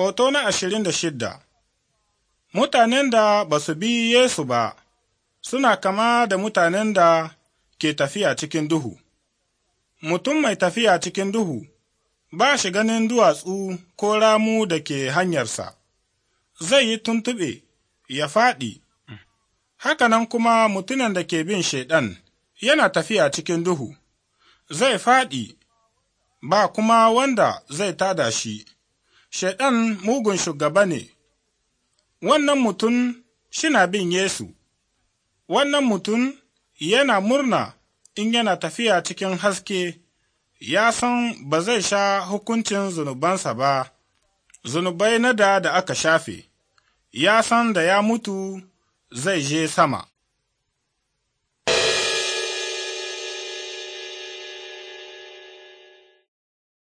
Hoto na ashirin da shidda Mutanen da ba su bi Yesu ba suna kama da mutanen da ke tafiya cikin duhu. Mutum mai tafiya cikin duhu ba shi ganin duwatsu ko ramu da ke hanyarsa, zai yi tuntuɓe ya faɗi. Hakanan kuma mutumin da ke bin Shaiɗan yana tafiya cikin duhu, zai faɗi ba kuma wanda zai tada shi. Shaiɗan mugun shugaba ne, wannan mutum shina bin Yesu, wannan mutum yana murna in yana tafiya cikin haske, ya san ba zai sha hukuncin zunubansa ba, zunubai na da da aka shafe, ya san da ya mutu zai je sama.